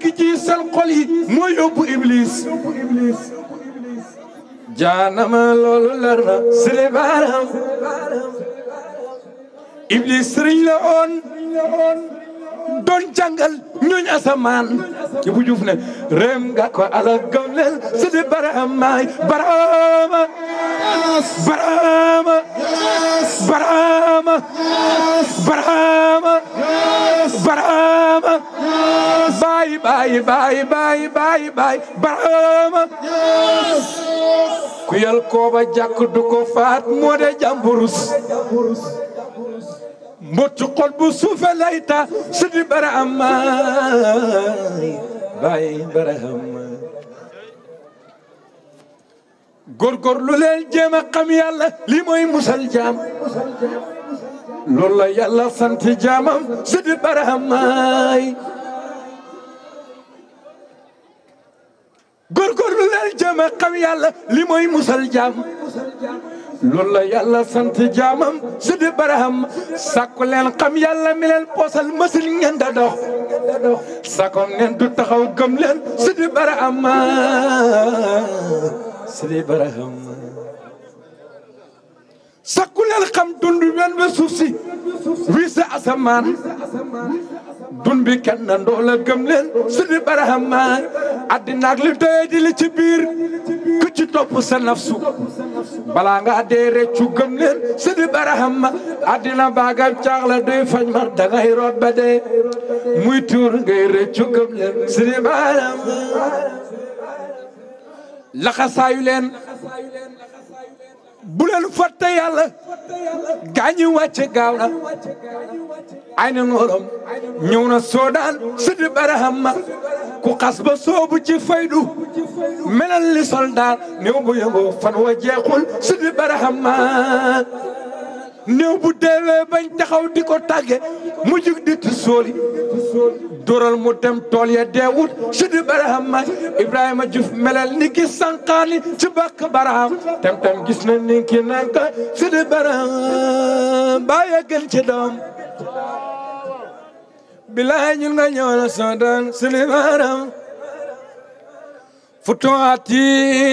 gi ci sal xol yi mooy ëpp iblis jaanama loolu leer na sëriñ baaraam iblis sëriñ la oon doon jàngal ñooñ asamaan ci bu juuf ne rem nga ko ala gomlel sëriñ baaraam maay baraama baraama baraama baraama baay baay baay baay baay barama ku yal kooba jàkk du ko faat moo de jàmburus mbottu xol suufe layta sidi barama baay barama góorgóorlu leen jéem a yàlla lii mooy musal jaam loolu la yàlla sant jaamam sidi baramaay góorgóorlu leen jëm a xam yàlla li mooy musal jaam loolu la yàlla sant jaamam su di baraham sàkku leen xam yàlla mi leen poosal masil ngeen da dox sakom neen du taxaw gëm leen su di baraham su di baraham dund wen ba suuf si wii asamaan dun bi kenn na ndoo la gëm leen sudi barahama addinaak li doye di li ci biir ku ci topp sa nafsu balaa nga dee reccu gëm leen sudi barahama addina baagam caax la doy fañ ma dangay root ba dee muy tuur ngay reccu gëm leen sudi barahama laxasaayu leen bu leen fàtte yàlla gaañu wàcce gaaw na ay na ngorom ñëw na soodaan sidi barahamma ku xas ba soobu ci faydu melal li soldaar néew bu yëngoo fan wa jeexul sidi barahamma new bu deewee bañ di ko tàgge mu jug di tu sóoli mu dem tool ya deewut si di baraham ma ibrahima juf melal ni ki sanqaani ci bàkk baraham tem gis na ni ki nanka si di baraham bàyyi gën ci doom bilaay ñun nga ñëw na sodan si di baraham futuwaati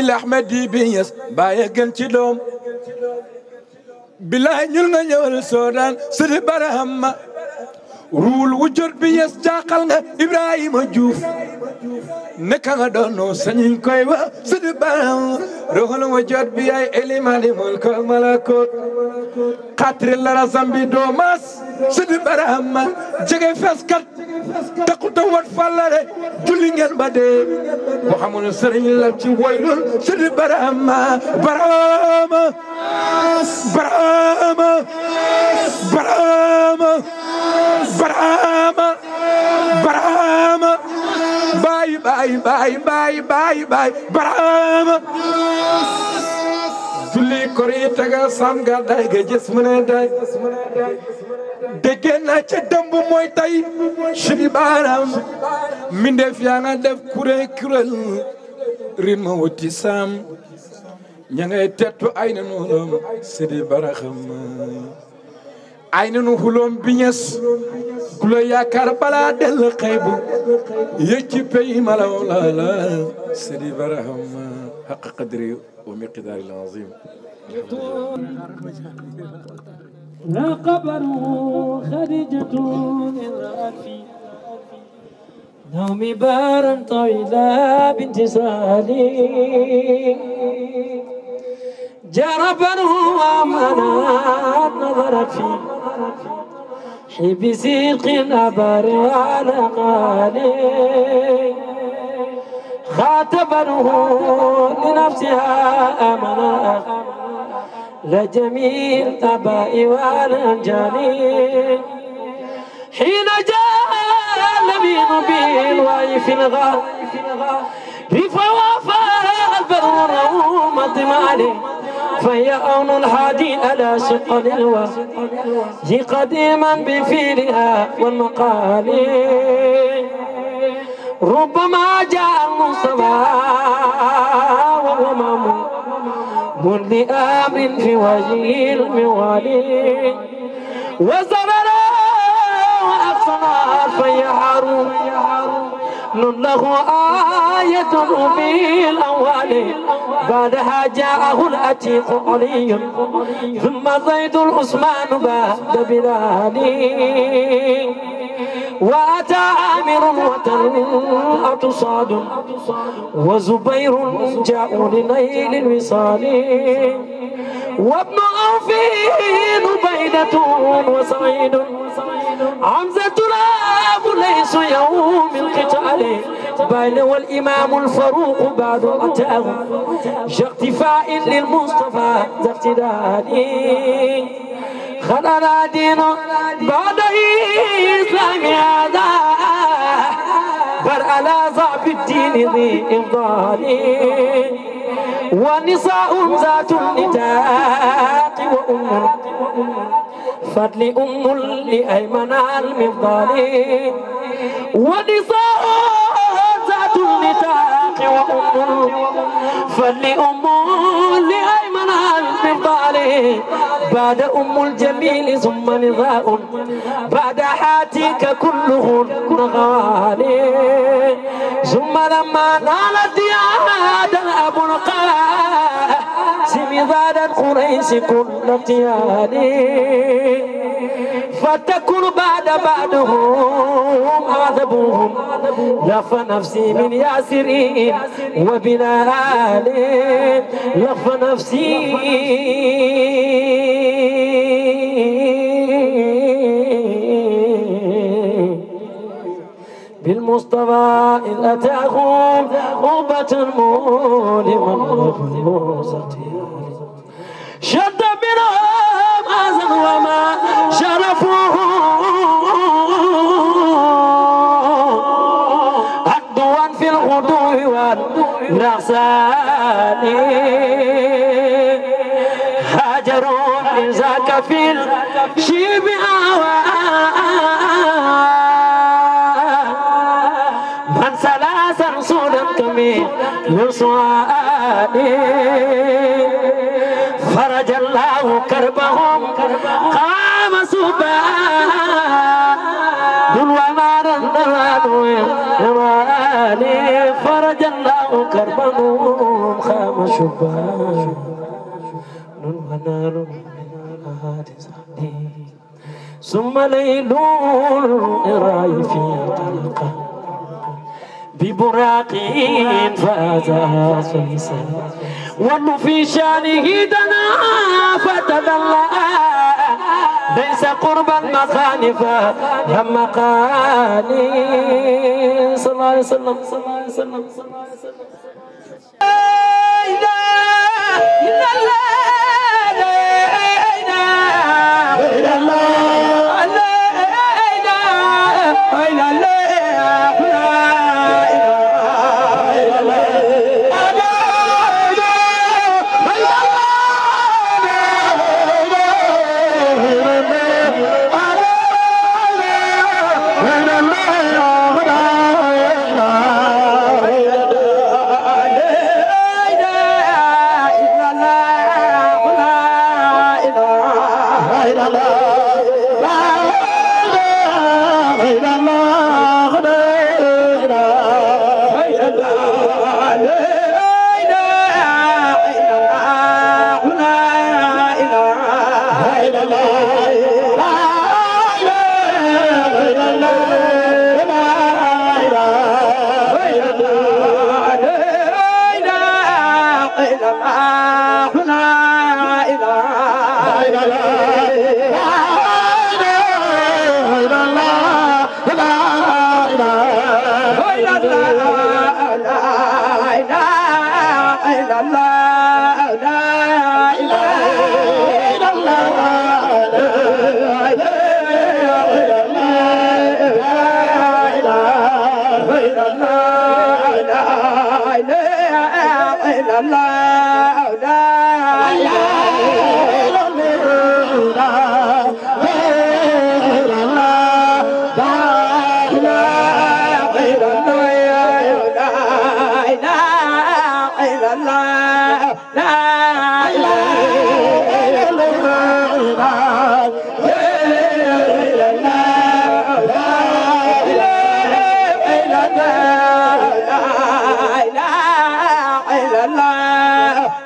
lahmadi bi yes bàyyi gën ci doom bilaay ñul na ñëwal soodaan sidi barahama ruul wu jot bi yes jaaxal nga ibrahima juuf naka nga doonoo sañiñ koy wa sidi barahama ruul wu jot bi yaay elimalimul ko malakoot xatri lara zambi doomaas sidi barahama jege feskat takuta wat fallare julli ngeen ba dee bu xamul sëriñ la ci woylul sidi barahama barahama barahama barahama barahama barahama baay baay baay baay baay julli korite ga sam ga day ga jës mu day déggee naa ca dëmb mooy tey suñu baaraam mbindeef yaa nga def kuré kuréel ritma wuti saam ña ngay ay na nuuram sidi baraxam ay na nu xuloom biñes ku la yaakaar balaa dell xaybu yëcci pey malaw la la sidi baraxam xaq qadri wa miqdaari al لا قبر خديجة امرأتي نومي بارا طويلا بانتصالي جربا وامنات نظرت في حب سلق أبر على قالي خاتبنه لنفسها أمنات لجميع الآباء والأنجال حين جاء الأمين بالوعي في الغار فوافى البر روم الضمال فهي أون الحادي على شق الوحي قديما بفيلها والمقال ربما جاء المصطفى كل امر في وجهه الموالي وزمر واصغر فيحر نن له آية في الأول بعدها جاءه الأتيق علي ثم زيد العثمان بعد بلالي وأتى آمر وتروءة صاد وزبير جاءوا لنيل الوصال وابن عوف نبيدة وسعيد حمزة راب ليس يوم القتال بين والإمام الفاروق بعد أتاه جاقتفاء للمصطفى ذا اقتدال خلنا دين بعد الدين ذي إفضال ونساء ذات النتاق وأم فضل أم لأيمن المفضال ونساء ذات النتاق وأم فضل أم لأيمن من طاله بعد أم الجميل ثم نظاء بعد حاتيك كلهن غوالي ثم لما نالت يا هذا الأب القلال مزاد قريش كل ارتيادي فتكن بعد بعدهم عذبهم لف نفسي من ياسرين وبلال لف نفسي بالمصطفى إن أتاهم أمة مولمة مخلوصة شد منهم أذى وما شرفوه عدوا في الغدو والنعسان هاجروا ذاك في الشيب من سلاسل صودا كمين يصعد فرج الله كربهم قام سبا دل وما نوال فرج الله كربهم قام سبا نور ونار ثم ليل الراي في طلقه ببراق فاز فيسا ون في شانه دنا فتدلى ليس قرب المخانف هم قالي صلى الله عليه وسلم صلى الله عليه وسلم صلى الله عليه وسلم لا اله الا الله لا اله الا الله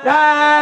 daa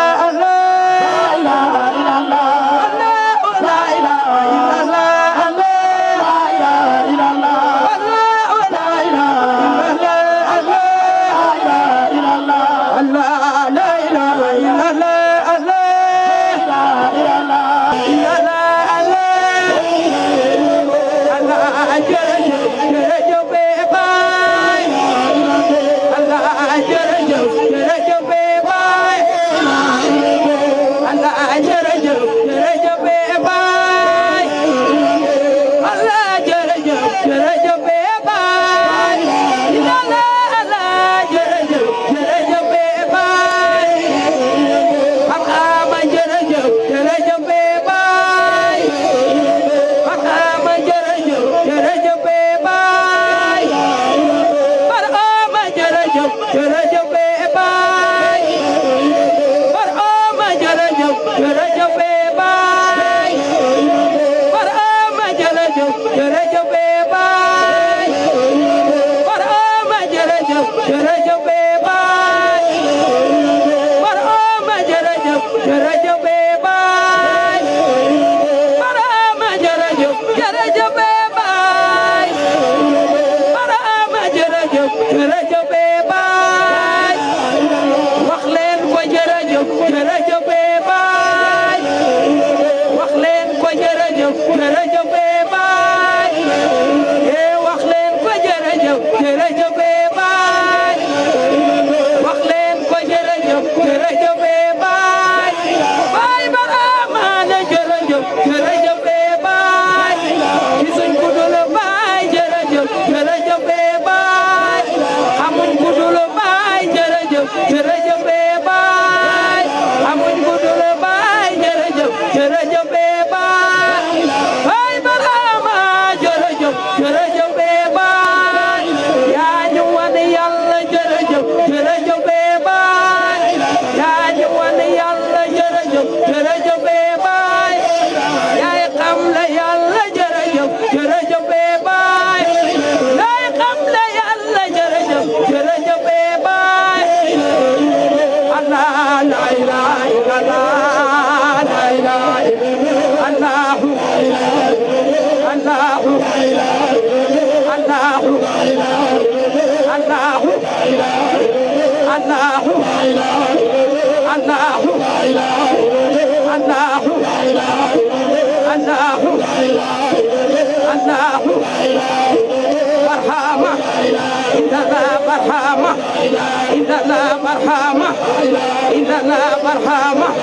إننا برحمة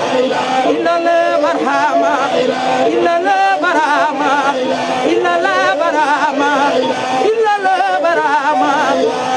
إننا برحمة إننا برحمة إننا برحمة إننا برحمة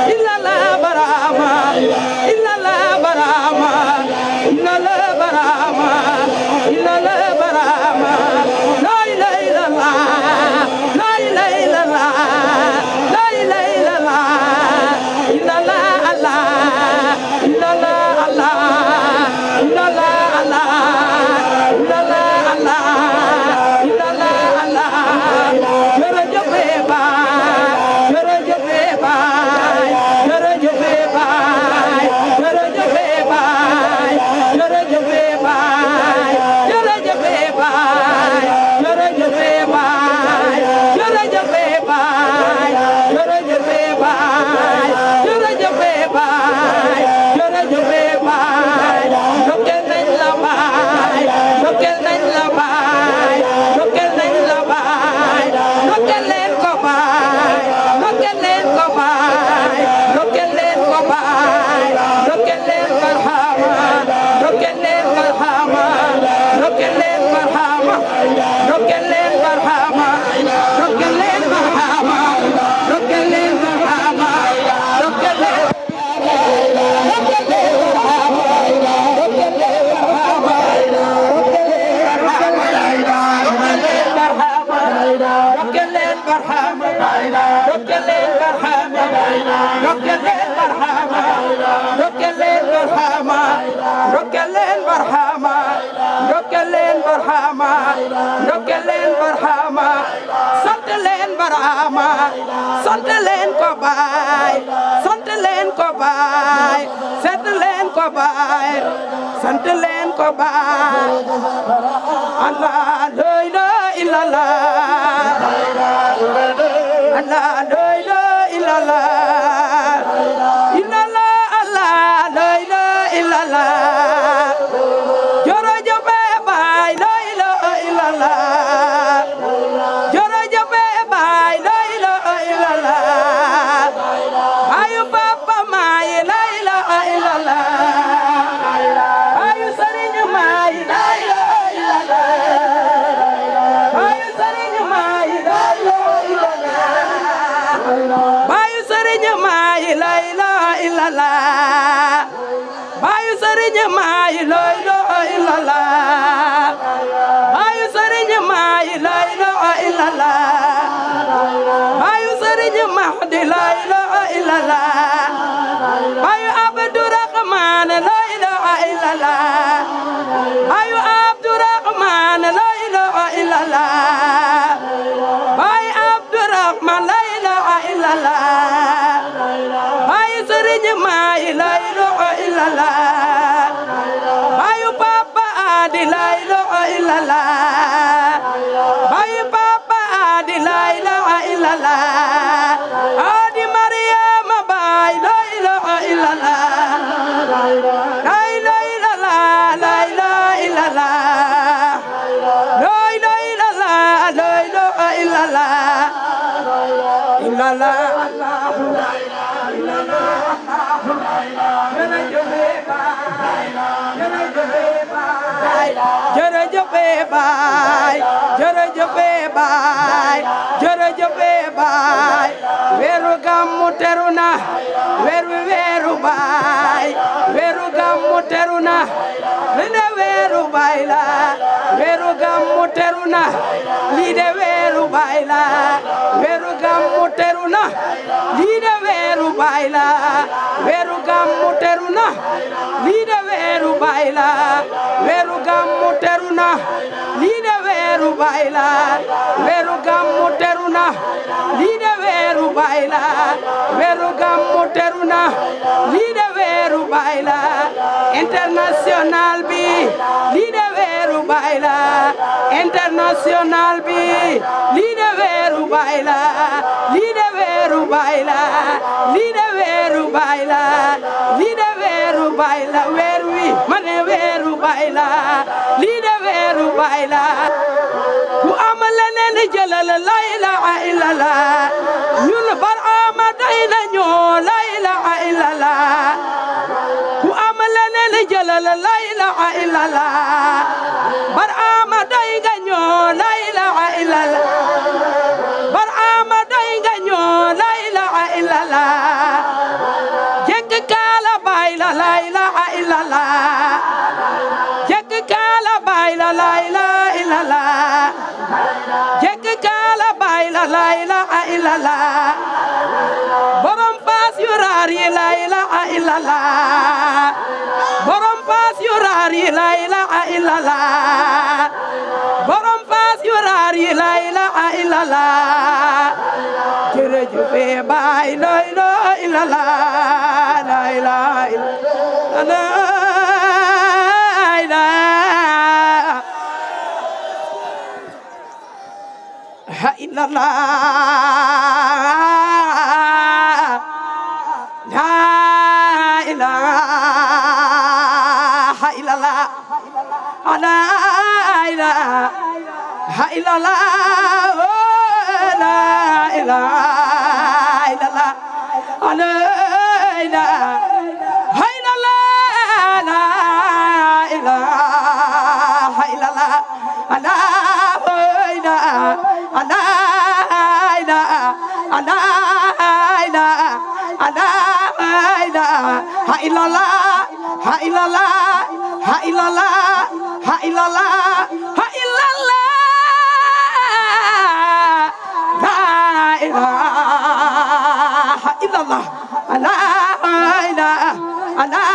Maarama sant ko baay sant ko baay sant ko baay sant ko baay Allah Allah la ilaha illallah illallah bayu papa di la ilaha illallah bayu papa di la ilaha illallah adi maryam bay la ilaha illallah la ilaha illallah la ilaha illallah la ilaha illallah la ilaha illallah illallah jërëjëf baay jërëjëf baay jërëjëf baay weeru gàmmu teru na weeru weeru baay weeru gàmmu teru na li de weeru baay la weeru gàmmu teru na li de weeru baay la weeru gàmmu teru na li de weeru baay la weeru gàmmu teru na li de bay la weeru gàmmu teru na lii de weeru bay la weeru gàmmu teru na lii de weeru bay la weeru gàmmu teru na lii de weeru bay la international bi lii de weeru bay la international bi lii de weeru bay la lii de weeru bay la lii de weeru bay la lii de weeru bay la ne weeru baay la lii de weeru baay la ku am leneen jëlal la ilaha illallah ñun baraama day nañu la ilaha illallah ku am leneen jëlal la ilaha illallah baraama la ilaha borom paas yu raar yi la ilaha illallah borom paas yu raar yi la ilaha illallah borom paas baay la ilaha illallah la إلا الله لا إله إلا الله لا إله إلا الله لا إله إلا الله لا إله Allah Allah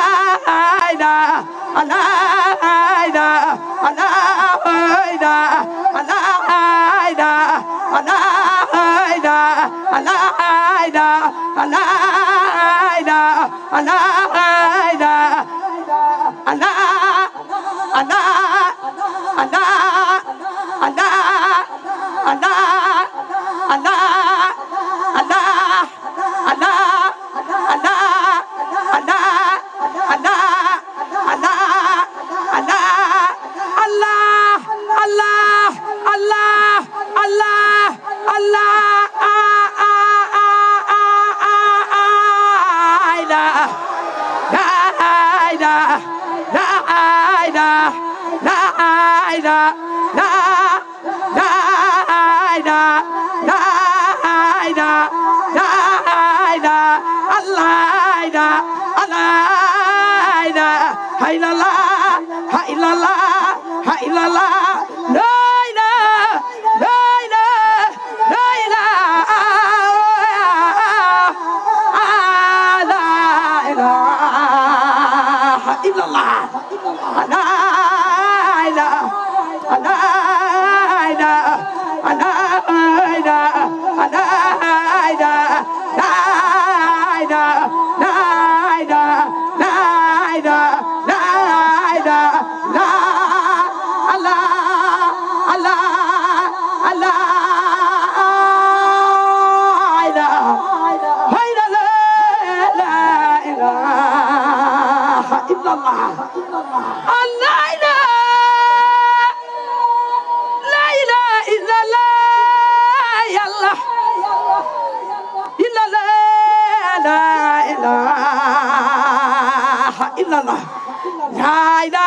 Aida ายได้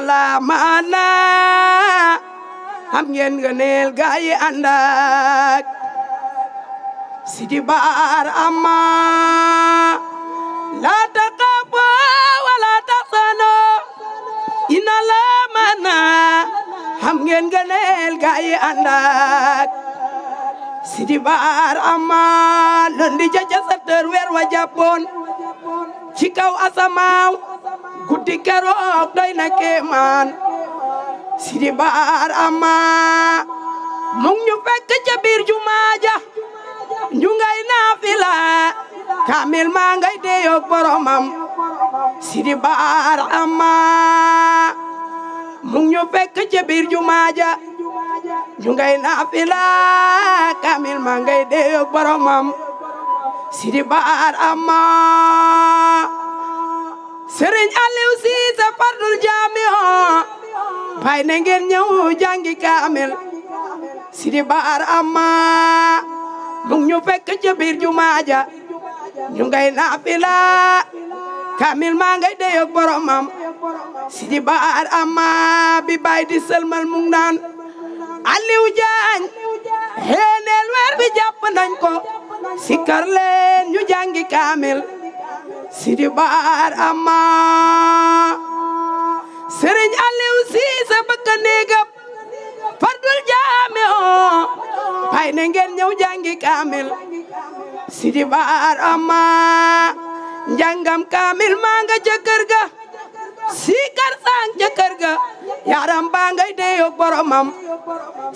yàlla maana am ngeen ngëneel gaa yi ànd ak Sidi Baar amma la taqabu wala taqano ina la maana am ngeen ngëneel gaa yi ànd ak Sidi Baar amma londi jaja sa tër weer wa jàppoon ci kaw asamaaw guddi keroog doy na kéemaan Sidi Barama mu ñu fekk ca biir jumaa ja ñu ngay naafila kaamil maa ngay deeyoog boromam Sidi Barama fekk ca biir jumaa ja ñu ngay naafila kaamil maa ngay deeyoog boromam Sidi Serigne Aliou Cissé fardul jaamiho pay na ngeen ñëw jàngi kaamil Sidi Baar amma lung ñu fekk ca biir jumaaja ñu ngay naafila kaamil maa ngay deyog boromam Sidi Baar amma bi bay di sëlmal mu ngi naan Aliou Diagne xéeneel weer bi jàpp nañ ko sikkar leen ñu jàngi kaamil Sidi Baar Amma Serigne Aliou Cissé bëgg néegam jaame oo pay ne ngeen ñëw jàngi kaamil Sidi Baar Amma njàngam kaamil maa nga ga siikar sang ca kër ga yaram baa ngay deeyoog boromam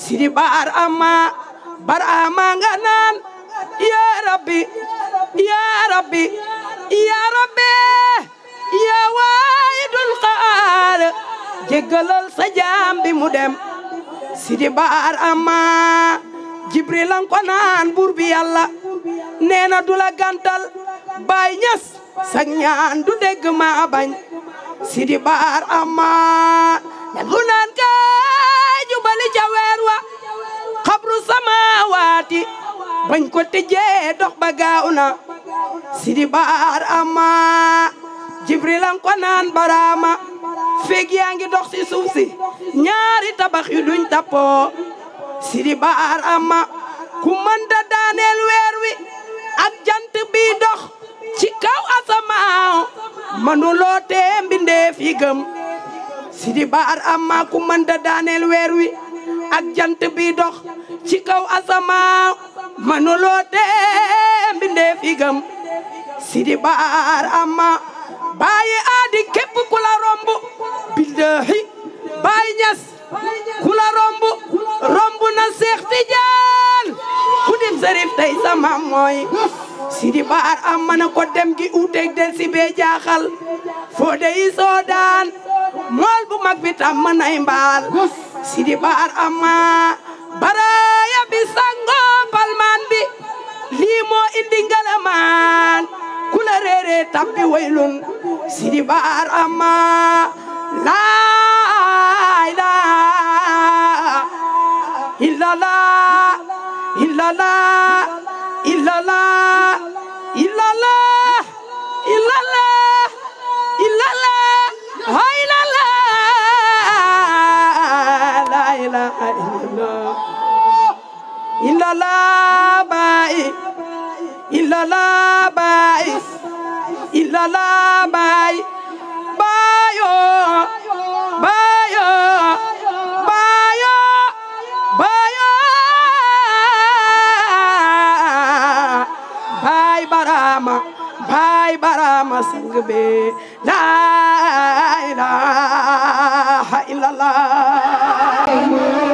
Sidi Baar Amma Baar Amma nga naan yaa rabbi ya rabbi ya waayidul qaar jéggalal sa jaam bi mu dem sidi baar amma jibril an ko naan buur bi yàlla du la gantal baay ñas sa ñaan du dégg ma bañ sidi baar amma lu naan kaa jubali ca weer wa xabru bañ ko dox ba gaaw na sidi baar amma jibrilan ko naan baraama feeg yaa ngi dox ci suuf si ñaari tabax yu duñ tappoo sidi baar amma ku mënta daaneel weer wi ak jant bi dox ci kaw asamaaw manuloo tee mbindeef yi gëm sidi baar amma ku mënta daaneel weer wi ak jant bi dox ci kaw asamaa manuloo tee mbindeef yi gëm sidi baar amma bàyyi aadi képp ku la romb billaahi bàyyi ñas ku la romb romb na seex tijaan ku dim sërif tey sama mooy sidi baar amma na ko dem gi uuteeg del si bee jaaxal foo deyi soodaan mool bu mag bi tam nay mbaal sidi baar amma baraya bi sango palmaan bi lii moo indi ngalamaan kula reere tabbi waylun sidi baar amma laa ilaaha illallah illallah illallah illallah illallah illallah إله إلا الله إلا الله باي إلا الله باي إلا الله باي بايو بايو بايو بايو باي براما باي براما سنگ بي لا إله إلا الله Muhammad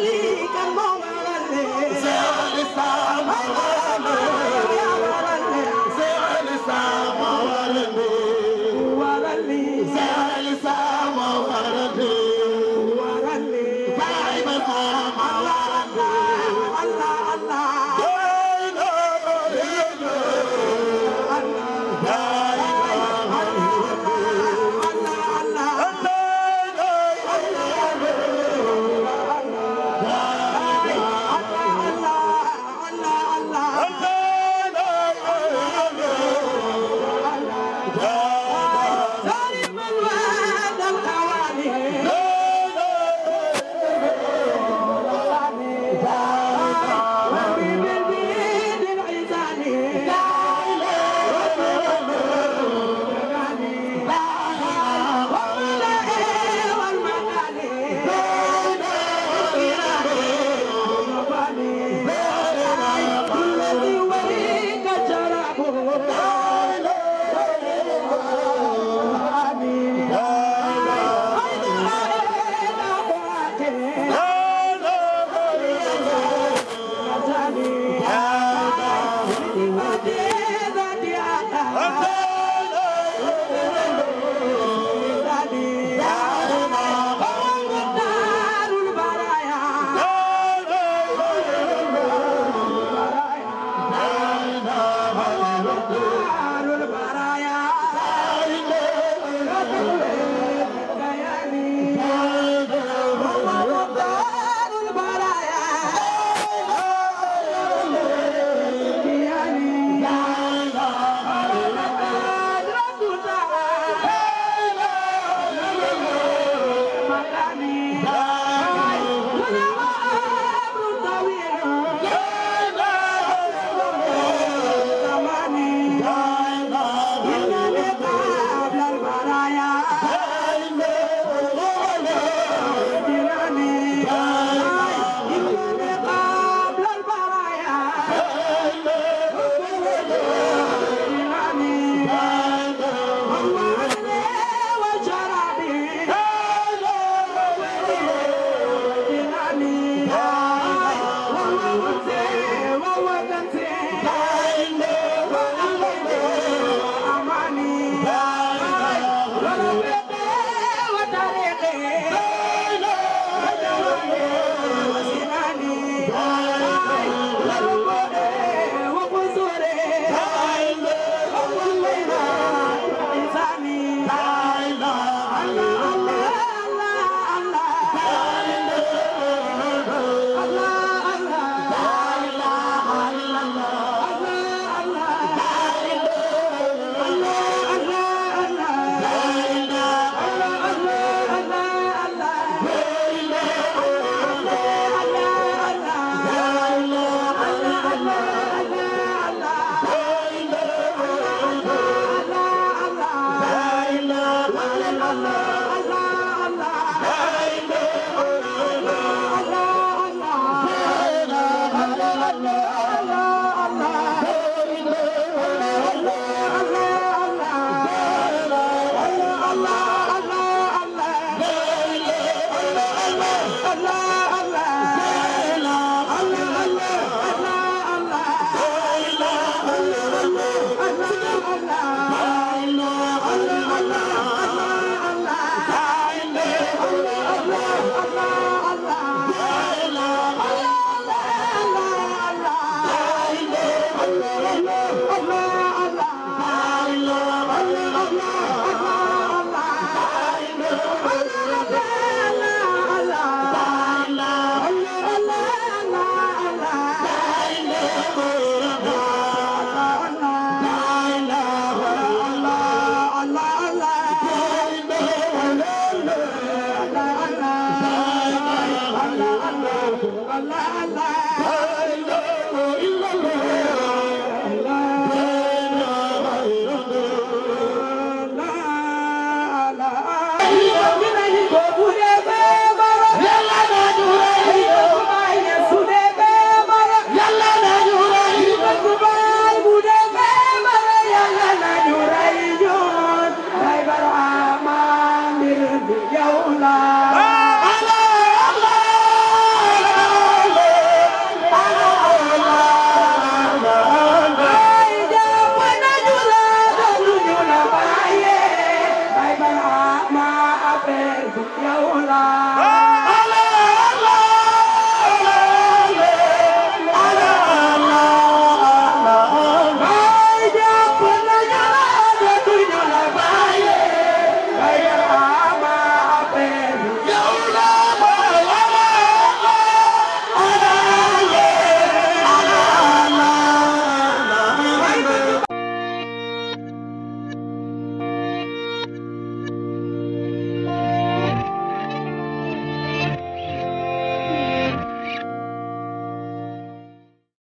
li kan moo waral li